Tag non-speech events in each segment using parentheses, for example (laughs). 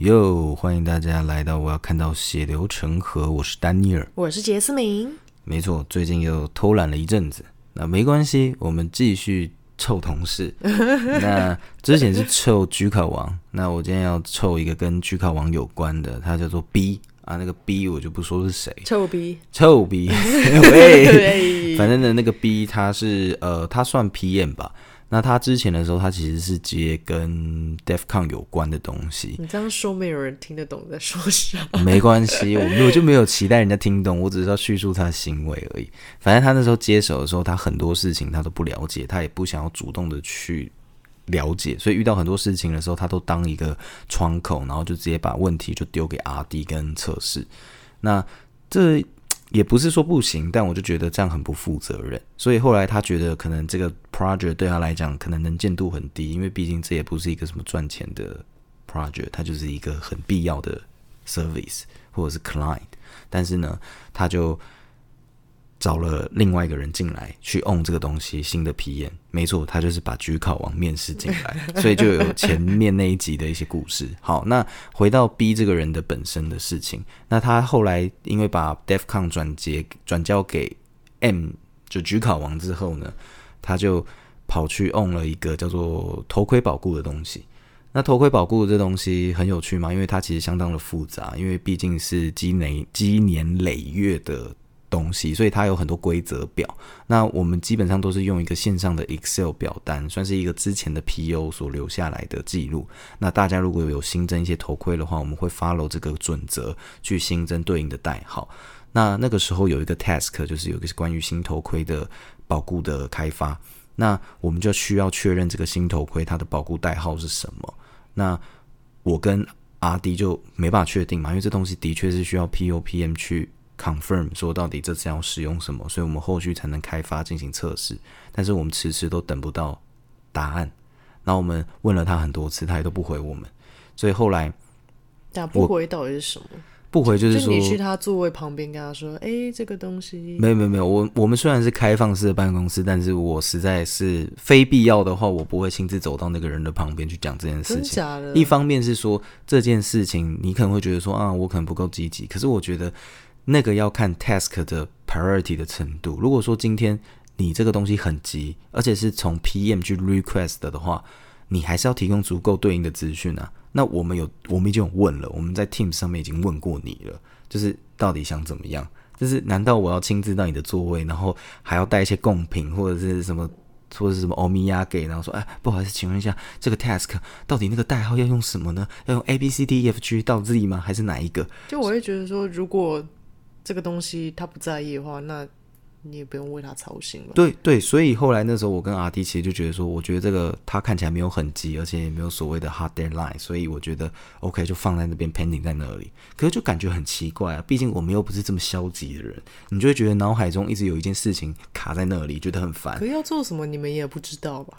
喲，歡迎大家來到！我要看到血流成河，我是丹尼爾，我是傑斯明。沒錯，最近又偷懶了一陣子，那沒關係，我們繼續臭同事。 (laughs) 那之前是臭居考王，那我今天要臭一個跟居考王有關的，他叫做 B 啊，那個 B 我就不說是誰，臭 B，臭 B，嘿。 (laughs) (laughs) 反正呢，那個 B 他是呃，他算 P 驗吧。那他之前的時候，他其實是接跟 DEFCON 有關的東西。你這樣說，沒有人聽得懂在說什麼。沒關係，我沒有就沒有期待人家聽懂，我只是要敘述他的行為而已。反正他那時候接手的時候，他很多事情他都不了解，他也不想要主動的去了解，所以遇到很多事情的時候，他都當一個窗口，然後就直接把問題就丟給 RD 跟測試。那這。也不是說不行，但我就覺得這樣很不負責任。所以後來他覺得，可能這個 project 對他來講，可能能見度很低，因為畢竟這也不是一個什麼賺錢的 project，它就是一個很必要的 service 或者是 client。但是呢，他就。找了另外一個人進來去 on 這個東西，新的 PM。沒錯，他就是把焗烤王面試進來，所以就有前面那一集的一些故事。 (laughs) 好，那回到 B 這個人的本身的事情，那他後來因為把 Defcon 轉接轉交給 M 就焗烤王之後呢，他就跑去 on 了一個叫做頭盔保護的東西。那頭盔保護這東西很有趣嗎？因為它其實相當的複雜，因為畢竟是積累積年累月的。東西，所以它有很多規則表。那我們基本上都是用一個線上的 Excel 表單，算是一個之前的 PO 所留下來的記錄。那大家如果有新增一些頭盔的話，我們會 follow 這個準則去新增對應的代號。那那個時候有一個 task，就是有一個是關於新頭盔的保護的開發。那我們就需要確認這個新頭盔它的保護代號是什麼。那我跟 RD 就沒辦法確定嘛，因為這東西的確是需要 POPM 去。Confirm 說到底這次要使用什麼，所以我們後續才能開發進行測試。但是我們遲遲都等不到答案，那我們問了他很多次，他也都不回我們。所以後來打不回，到底是什麼？不回就是說就就你去他座位旁邊跟他說：“哎、欸，這個東西……”沒有沒有沒有，我我們雖然是開放式的辦公室，但是我實在是非必要的話，我不會親自走到那個人的旁邊去講這件事情。真假的。一方面是說這件事情，你可能會覺得說啊，我可能不夠積極，可是我覺得。那個要看 task 的 priority 的程度。如果說今天你這個東西很急，而且是從 PM 去 request 的，的話，你還是要提供足夠對應的資訊啊。那我們有，我們已經有問了，我們在 Team 上面已經問過你了，就是到底想怎麼樣？就是難道我要親自到你的座位，然後還要帶一些貢品或者是什麼，或者是什麼歐米亞給，然後說哎，不好意思，請問一下，這個 task 到底那個代號要用什麼呢？要用 A B C D E F G 到 Z 嗎？還是哪一個？就我會覺得說，如果這個東西他不在意的話，那你也不用為他操心了。對對，所以後來那時候我跟阿弟其實就覺得說，我覺得這個他看起來沒有很急，而且也沒有所謂的 hard deadline，所以我覺得 OK 就放在那邊 pending 在那裡。可是就感覺很奇怪啊，畢竟我們又不是這麼消極的人，你就會覺得腦海中一直有一件事情卡在那裡，覺得很煩。可要做什麼你們也不知道吧？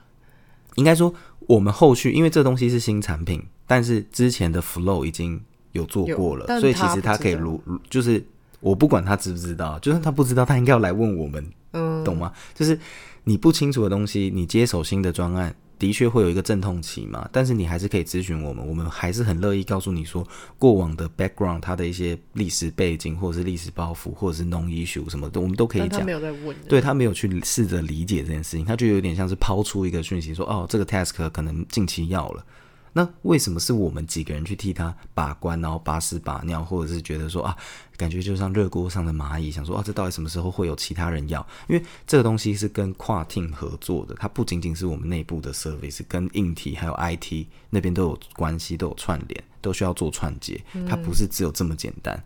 應該說我們後續因為這東西是新產品，但是之前的 flow 已經有做過了，所以其實它可以如就是。我不管他知不知道，就算他不知道，嗯、他應該要來問我們，嗯、懂嗎？就是你不清楚的東西，你接手新的專案，的確會有一個陣痛期嘛。但是你還是可以諮詢我們，我們還是很樂意告訴你說，過往的 background，他的一些歷史背景，或者是歷史包袱，或者是 non issue 什麼的，我們都可以講。他沒有在問是不是？對，他沒有去試着理解這件事情，他就有點像是拋出一個訊息說，哦，這個 task 可能近期要了。那為什麼是我們幾個人去替他把關，然後把屎把尿，或者是覺得說啊，感覺就像熱鍋上的螞蟻，想說啊，這到底什麼時候會有其他人要？因為這個東西是跟跨境合作的，它不僅僅是我們內部的 service，跟硬體還有 IT 那邊都有關係，都有串聯，都需要做串接，它不是只有這麼簡單，嗯。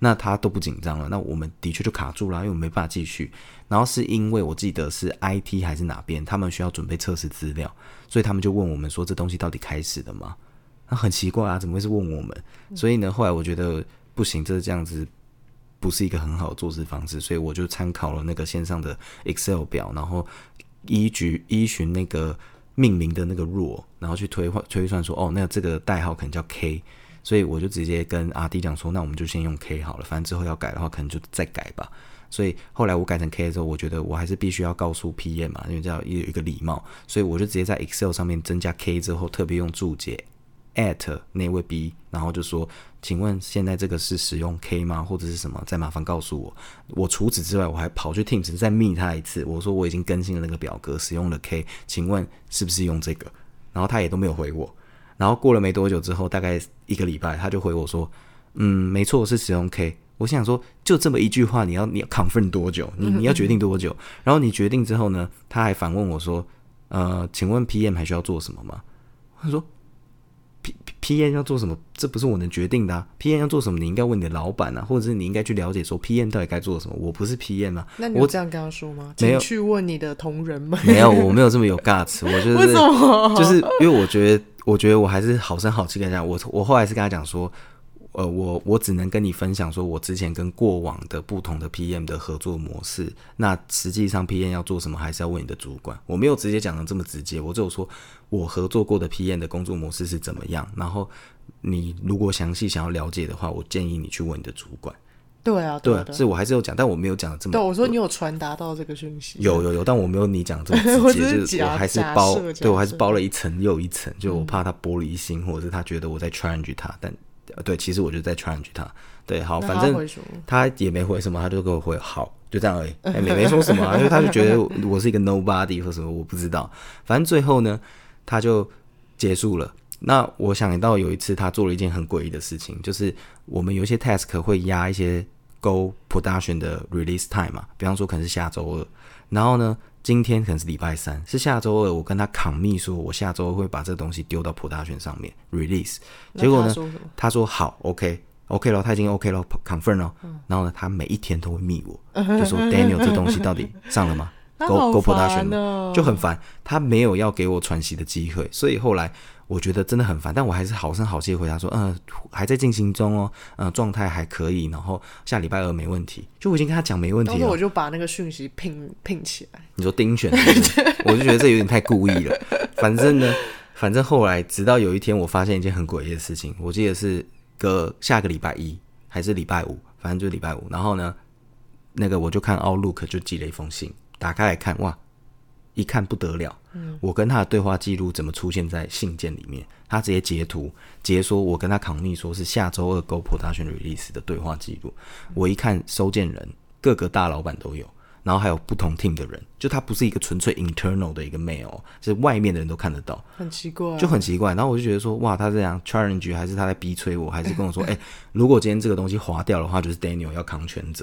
那他都不緊張了，那我們的確就卡住了，啊，因為我們沒辦法繼續。然後是因為我記得是 IT 還是哪邊，他們需要準備測試資料。所以他們就問我們說：“這東西到底開始的嗎？”那、啊、很奇怪啊，怎麼會是問我們？所以呢，後來我覺得不行，這這樣子不是一個很好的做事方式，所以我就參考了那個線上的 Excel 表，然後依據依循那個命名的那個 rule，然後去推推算說：“哦，那這個代號可能叫 K。”所以我就直接跟阿弟講說：“那我們就先用 K 好了，反正之後要改的話，可能就再改吧。”所以後來我改成 K 之後，我覺得我還是必須要告訴 PM 嘛，因為這樣有一個禮貌，所以我就直接在 Excel 上面增加 K 之後，特別用注解@那位 B，然後就說，請問現在這個是使用 K 嗎？或者是什麼？再麻煩告訴我。我除此之外，我還跑去 Teams 再密他一次，我說我已經更新了那個表格，使用了 K，請問是不是用這個？然後他也都沒有回我。然後過了沒多久之後，大概一個禮拜，他就回我說。嗯，沒錯，我是使用 K。我想說，就這麼一句話，你要你要 confirm 多久？你你要決定多久，嗯？然後你決定之後呢？他還反問我說：“呃，請問 PM 還需要做什麼嗎？”他說：“P P M 要做什麼？這不是我能決定的啊！P M 要做什麼？你應該問你的老闆啊，或者是你應該去了解說 P M 到底該做什麼？我不是 P M 啊，那你這樣跟他說嗎？沒有去問你的同仁嗎？ (laughs) 沒有，我沒有這麼有 guts 我就是， (laughs) 就是因為我覺得，我覺得我還是好聲好氣跟他講。我我後來是跟他講說。呃，我我只能跟你分享說，我之前跟過往的不同的 PM 的合作模式。那實際上 PM 要做什麼，還是要問你的主管。我沒有直接講的這麼直接，我只有說我合作過的 PM 的工作模式是怎麼樣。然後你如果詳細想要了解的話，我建議你去問你的主管。對啊，對啊，對啊，對啊，是我還是有講，但我沒有講的這麼。對，我說你有傳達到這個訊息。有有有，但我沒有你講這麼直接 (laughs) 是，就我還是包，對我還是包了一層又一層，就我怕他玻璃心，嗯、或者是他覺得我在 challenge 他，但。呃，對，其實我就在 challenge 他，對，好，反正他也沒回什麼，他就給我回好，就這樣而已，沒、欸、沒說什麼、啊， (laughs) 因為他就覺得我是一個 nobody 或什麼，我不知道，反正最後呢，他就結束了。那我想到有一次他做了一件很詭異的事情，就是我們有一些 task 會壓一些 go production 的 release time 嘛，比方說可能是下週二，然後呢。今天可能是禮拜三，是下周二。我跟他抗密說，我下周會把這東西丟到 production 上面 release。結果呢，他說，他說好，OK，OK、OK, OK、了，他已經 OK 了，confirm 了、嗯。然後呢，他每一天都會密我，就說 Daniel 這東西到底上了嗎 (laughs) ？Go、喔、Go production，就很煩。他沒有要給我喘息的機會，所以後來。我覺得真的很煩，但我還是好聲好氣的回答說：“嗯、呃，還在進行中哦，嗯、呃，狀態還可以，然後下禮拜二沒問題。”就我已經跟他講沒問題了，然後我就把那個訊息拼拼起來。你說丁選是不是？ (laughs) 我就覺得這有點太故意了。反正呢，反正後來直到有一天，我發現一件很詭異的事情。我記得是個下個禮拜一還是禮拜五，反正就是禮拜五。然後呢，那個我就看 Outlook 就寄了一封信，打開來看哇。一看不得了，嗯，我跟他的對話記錄怎麼出現在信件裡面？他直接截圖，直接說我跟他扛逆說，說是下周二 Go production release 的對話記錄，嗯。我一看收件人，各個大老板都有，然後還有不同 team 的人，就他不是一個純粹 internal 的一個 mail，是外面的人都看得到，很奇怪，啊，就很奇怪。然後我就覺得說，哇，他是這樣 challenge，還是他在逼催我，還是跟我說，哎、 (laughs) 欸，如果今天這個東西劃掉的話，就是 Daniel 要扛全責。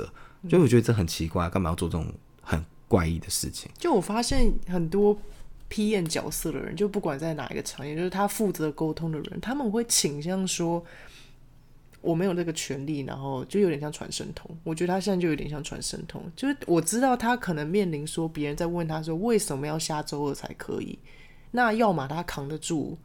所、嗯、以我覺得這很奇怪，幹嘛要做這種很。怪異的事情，就我發現很多 PM 角色的人，就不管在哪一個產業，就是他負責溝通的人，他們會傾向說我沒有那個權利，然後就有點像傳聲筒，我覺得他現在就有點像傳聲筒。就是我知道他可能面臨說別人在問他說為什麼要下周二才可以，那要麼他扛得住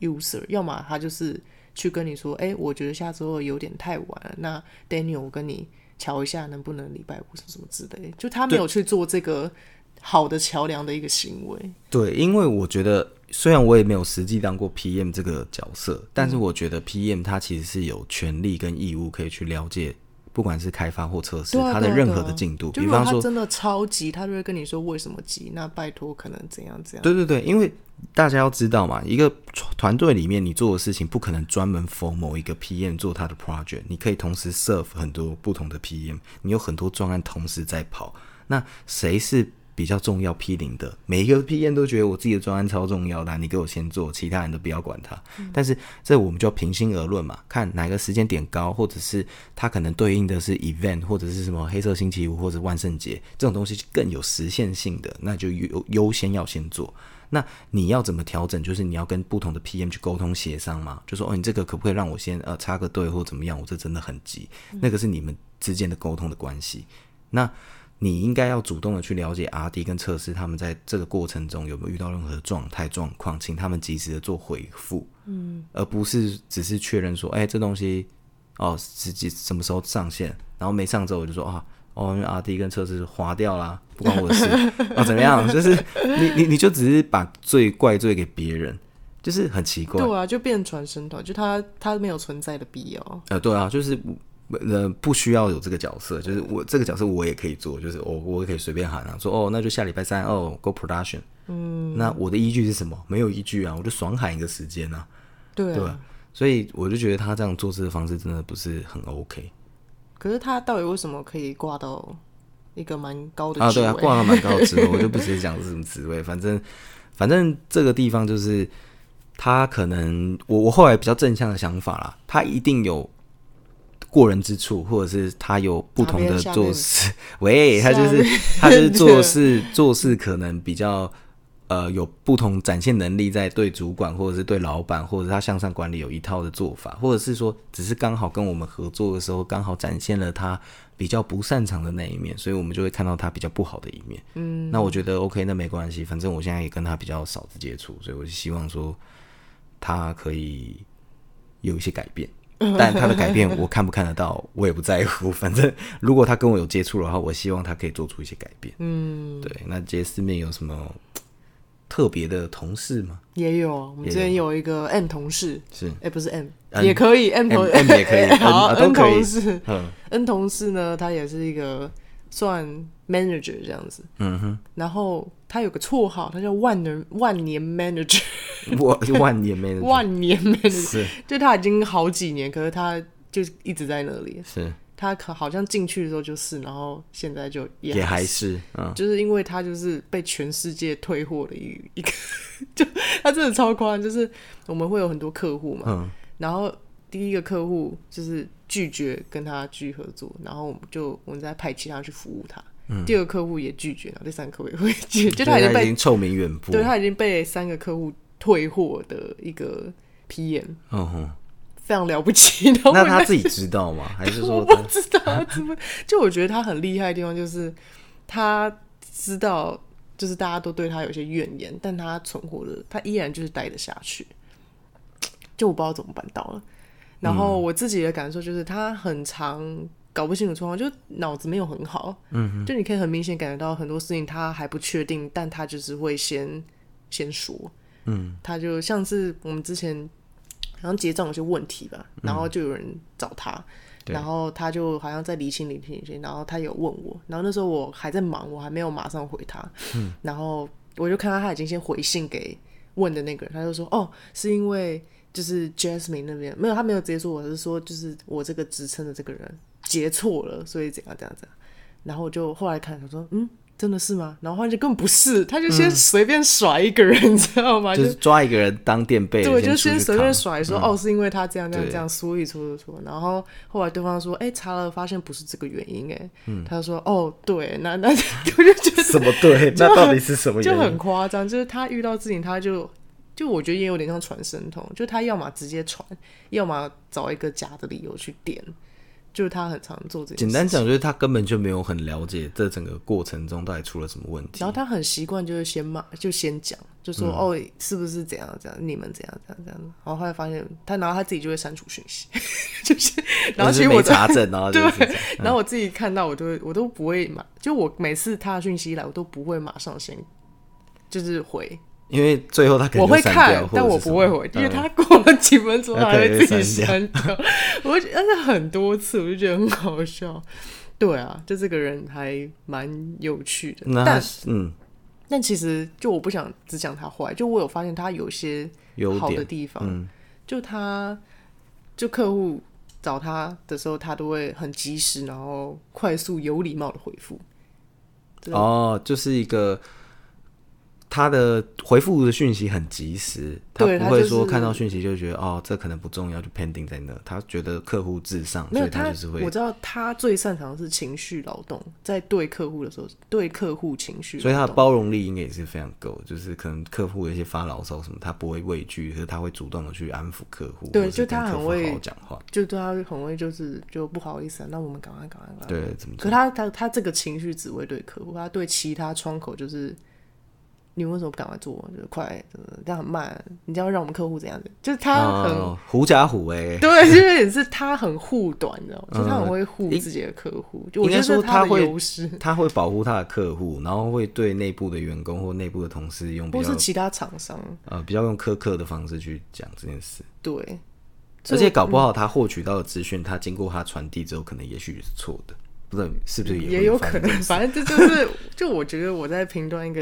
user，要麼他就是去跟你說，哎、欸，我覺得下周二有點太晚了。那 Daniel，我跟你。瞧一下能不能禮拜五什麼什麼之類的，就他沒有去做這個好的橋樑的一個行為。對，對，因為我覺得雖然我也沒有實際當過 PM 這個角色，但是我覺得 PM 他其實是有權利跟義務可以去了解。不管是開發或測試，他、啊、的任何的進度、啊，比方說他真的超急，他就會跟你說為什麼急？那拜托，可能怎樣怎樣？對對對，因為大家要知道嘛，一個團隊裡面你做的事情不可能專門 for 某一個 PM 做他的 project，你可以同時 serve 很多不同的 PM，你有很多專案同時在跑，那誰是？比較重要 P0 的每一個 PM 都覺得我自己的專案超重要的、啊，你給我先做，其他人都不要管他。嗯、但是這我們就要平心而論嘛，看哪個時間點高，或者是他可能對應的是 event 或者是什麼黑色星期五或者萬聖節這種東西更有實現性的，那就優優先要先做。那你要怎麼調整？就是你要跟不同的 PM 去溝通協商嘛，就說哦，你這個可不可以讓我先呃插個隊或怎麼樣？我這真的很急，嗯、那個是你們之間的溝通的關係。那。你應該要主動的去了解 R D 跟測試，他們在這個過程中有沒有遇到任何狀態狀況，請他們及時的做回復，嗯，而不是只是確認說，哎、欸，這東西哦，自己什麼時候上線，然後沒上之後我就說啊，因為 R D 跟測試劃掉啦，不關我的事啊、 (laughs) 哦，怎麼樣？就是你你你就只是把罪怪罪給別人，就是很奇怪，對啊，就變傳聲筒，就他他沒有存在的必要，呃，對啊，就是。不呃，不需要有這個角色，就是我這個角色我也可以做，就是我、哦、我可以隨便喊啊，說哦，那就下禮拜三哦，Go Production。嗯，那我的依據是什麼？沒有依據啊，我就爽喊一個時間啊。對，啊對，所以我就覺得他這樣做事的方式真的不是很 OK。可是他到底為什麼可以掛到一個蠻高的職位啊？對啊，掛到蠻高的職位， (laughs) 我就不直接講是什麼職位，反正反正這個地方就是他可能我我後來比較正向的想法啦，他一定有。過人之處，或者是他有不同的做事，下面下面下面下面喂，他就是他就是做事做事可能比較呃有不同展現能力，在對主管或者是對老板，或者是他向上管理有一套的做法，或者是說只是剛好跟我們合作的時候，剛好展現了他比較不擅長的那一面，所以我們就會看到他比較不好的一面。嗯，那我覺得 OK，那沒關係，反正我現在也跟他比較少的接觸，所以我就希望說他可以有一些改變。 (laughs) 但他的改變，我看不看得到，我也不在乎。反正如果他跟我有接觸的話，我希望他可以做出一些改變。嗯，對。那這些市面有什麼特別的同事嗎？也有啊，我們之前有一個同、欸 M, n, 同 M, M 欸、n 同事，是哎，不是 N，也可以 N 同，M 也可以 N 同事、嗯。n 同事呢，他也是一個算 manager 這樣子。嗯哼。然後他有個綽號，他叫萬能萬年 manager。我萬年沒，萬年沒，了萬年沒了是，就他已經好幾年，可是他就一直在那裡。是他可好像進去的時候就是，然後現在就也，YES，也還是，嗯，就是因為他就是被全世界退貨的一個一個，就他真的超誇張，就是我們會有很多客戶嘛，嗯，然後第一個客戶就是拒絕跟他去合作，然後我們就我們再派其他去服務他，嗯，第二個客戶也拒絕了，然後第三個客戶也拒絕，就他已經被已經臭名遠播，對，他已經被三個客戶。退貨的一個 PM，嗯哼，非常了不起的。那他自己知道嗎？還是說我不知道？怎、啊、麼？就我覺得他很厲害的地方，就是他知道，就是大家都對他有些怨言，但他存活了，他依然就是待得下去。就我不知道怎麼辦到了。然後我自己的感受就是，他很常搞不清楚狀況，就腦子沒有很好。嗯哼，就你可以很明顯感覺到很多事情他還不確定，但他就是會先先說。嗯，他就像是我們之前好像結賬有些問題吧，然後就有人找他，嗯、然後他就好像在理清、理清、然後他有問我，然後那時候我還在忙，我還沒有馬上回他，嗯、然後我就看到他已經先回信給問的那個人，他就說哦，是因為就是 Jasmine 那邊沒有，他沒有直接說我是說就是我這個職稱的這個人結錯了，所以怎樣這怎樣子怎樣，然後我就後來看他說嗯。真的是嗎？然後，後來就更不是，他就先隨便甩一個人，你、嗯、知道嗎就？就是抓一個人當墊背。對，先就先隨便甩說、嗯、哦，是因為他這樣這樣這樣，所以錯錯錯。然後後來對方說，哎、欸，查了發現不是這個原因，哎、嗯，他說哦，對，那那我就覺得什麼對？ (laughs) 那到底是什麼，就很誇張，就是他遇到事情他就就我覺得也有點像傳聲筒，就他要麼直接傳，要麼找一個假的理由去點。就是他很常做這件，簡單講就是他根本就沒有很了解這整個過程中到底出了什麼問題。然後他很習慣就是先罵，就先講，就說、嗯、哦，是不是怎樣怎樣，你們怎樣怎樣怎樣。然後後來發現他，然後他自己就會刪除訊息、 (laughs) 就是，就是雜， (laughs) 然後其實我在，然後對，然後我自己看到我就會我都不會馬，就我每次他的訊息一來我都不會馬上先就是回。因為最後他給我會看，但我不會回，嗯，因為他過了幾分鐘他會自己刪掉，掉。我但是很多次，我就覺得很好笑。對啊，就這個人還蠻有趣的。那但嗯，但其實就我不想只講他壞，就我有發現他有些好的地方。嗯、就他就客戶找他的時候，他都會很及時，然後快速，有禮貌的回復，嗯。哦，就是一個。他的回復的訊息很及時，他不會說看到訊息就覺得、就是、哦，這可能不重要就 pending 在那。他覺得客戶至上、那個，所以他就是會。我知道他最擅長的是情緒勞動，在對客戶的時候，對客戶情緒。所以他的包容力應該也是非常夠，就是可能客戶有些發牢騷什麼，他不會畏懼，可是他會主動的去安撫客戶。對，就他很會好講話，就對他很會就是就不好意思、啊，那我們趕快趕快趕快，對，怎麼？可他他他這個情緒只會對客戶，他對其他窗口就是。你為什麼不趕快做、啊？就是快，這樣很慢、啊。你知道讓我們客戶怎樣子？就他、哦欸、是，是他很狐假虎威，對，就是也是他很護短的，就他很會護自己的客戶、嗯。應該說他會，他會保護他的客戶，然後會對內部的員工或內部的同事用，不是其他廠商啊、呃，比較用苛刻的方式去講這件事。對，而且搞不好他獲取到的資訊、嗯，他經過他傳遞之後，可能也許是錯的，不知道是不是也，有，也有可能。 (laughs) 反正這就是，就我覺得我在評斷一個。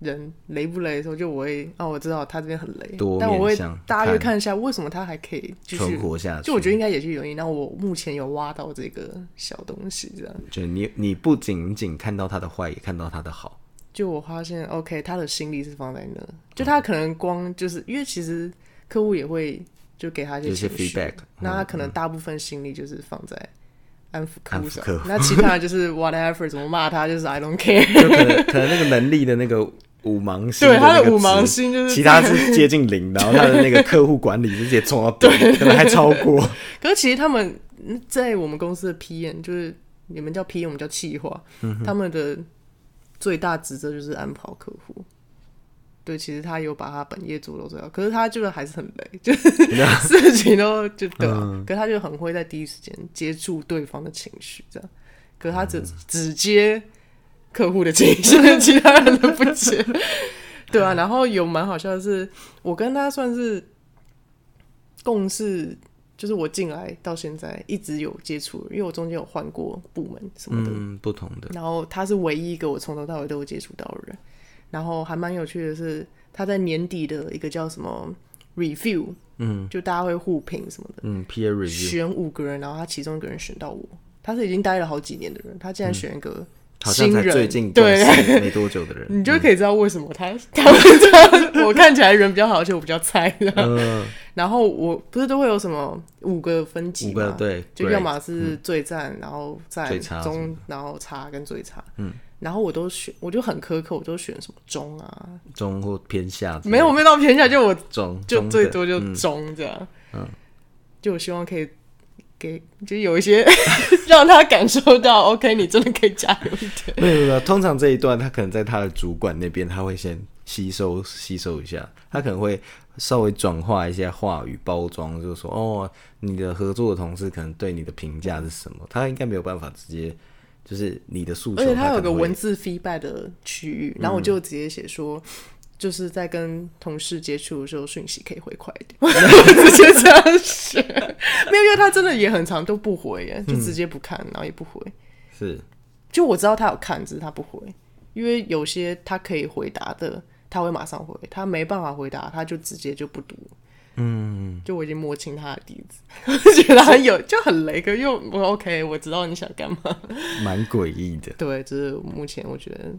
人雷不雷的時候，就我會啊，我知道他這邊很雷，但我會大約看一下為什麼他還可以存活下去。就我覺得應該也是原因。那我目前有挖到這個小東西，這樣。就你你不僅僅看到他的壞，也看到他的好。就我發現，OK，他的心力是放在那，就他可能光就是因為其實客戶也會就給他一些、就是、feedback。那他可能大部分心力就是放在安撫客戶上客戶。那其他就是 whatever，怎麼罵他就是 I don't care。就可能，可能那個能力的那個。五芒星，對他的五芒星就是其他是接近零，然後他的那個客戶管理直接衝到。對，可能還超過。可是其實他們在我們公司的 PM，就是你們叫 PM，我們叫企劃，嗯，他們的最大職責就是安撫客戶。對，其實他有把他本業做到最好，可是他就是還是很累，就是事情都就多，嗯。可是他就很會在第一時間接觸對方的情緒，這樣。可是他只，嗯、直接。客戶的建議，現在其他人都不接， (laughs) (laughs) 對啊，然後有蠻好笑的是，我跟他算是共事，就是我進來到現在一直有接觸，因為我中間有換過部門什麼的，嗯，不同的。然後他是唯一一個我從頭到尾都有接觸到的人。然後還蠻有趣的是，他在年底的一個叫什麼 review，嗯，就大家會互評什麼的，嗯，peer review，選五個人，然後他其中一個人選到我，他是已經待了好幾年的人，他竟然選一個。嗯好像新，新人最近，對，沒多久的人，你就可以知道為什麼他、嗯、他不知道我看起來人比較好，而且我比較菜的。嗯、 (laughs) 然後我不是都會有什麼五個分級嘛？對，就要麼是最讚、嗯，然後讚中，然後差跟最差。嗯，然後我都選，我就很苛刻，我都選什麼中啊，中或偏下。沒有，沒有到偏下，就我中，就最多就中、嗯、這樣、嗯。就我希望可以。給就有一些 (laughs) 讓他感受到 (laughs) ，OK，你真的可以加油一點。 (laughs) 沒有，沒有通常這一段他可能在他的主管那邊，他會先吸收吸收一下，他可能會稍微轉化一些話語包裝，就是說，哦，你的合作的同事可能對你的評價是什麼？嗯、他應該沒有辦法直接就是你的訴求。而且他有個文字 feedback 的區域、嗯，然後我就直接寫說。就是在跟同事接觸的時候，訊息可以回快一點， (laughs) (laughs) 我直接這樣寫。沒有，因為他真的也很常，都不回、嗯，就直接不看，然後也不回。是，就我知道他有看，只是他不回。因為有些他可以回答的，他會馬上回；他沒辦法回答，他就直接就不讀。嗯，就我已經摸清他的底子， (laughs) 我覺得他有，就很雷。因為我 OK，我知道你想幹嘛。蠻詭異的。對，就是目前我覺得。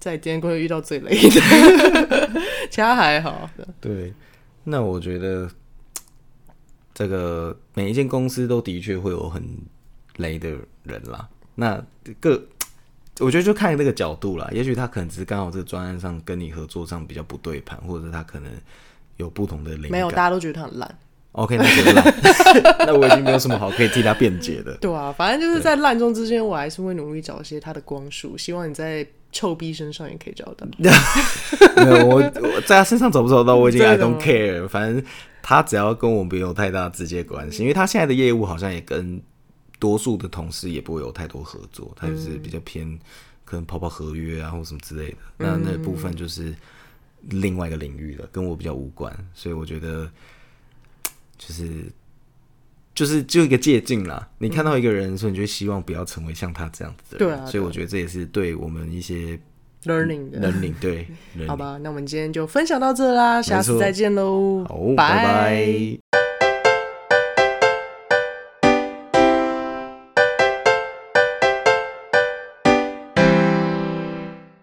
在今天公司遇到最雷的 (laughs) (laughs) 其他還好。對，那我覺得這個每一間公司都的確會有很雷的人啦。那個我覺得就看這個角度啦。也許他可能只是剛好這個專案上跟你合作上比較不對盤，或者他可能有不同的雷。沒有，大家都覺得他很爛。OK，那 (laughs) (laughs) (laughs) 那我已經沒有什麼好可以替他辯解的。 (laughs) 對啊，反正就是在爛中之間，我還是會努力找一些他的光束，希望你在臭逼身上也可以找到。 (laughs) (laughs) 沒有，我我在他身上找不找到，我已經 (laughs) I don't care。反正他只要跟我沒有太大直接關係，嗯，因為他現在的業務好像也跟多數的同事也不會有太多合作，嗯，他就是比較偏可能跑跑合約啊或什麼之類的。嗯，那那部分就是另外一個領域的，跟我比較無關，所以我覺得。就是，就是就一個借鏡啦，嗯。你看到一個人，所以你就希望不要成為像他這樣子的人。對啊對，所以我覺得這也是對我們一些 learning learning 對， (laughs) (laughs) 好吧。那我們今天就分享到這啦，下次再見嘍，好，拜拜。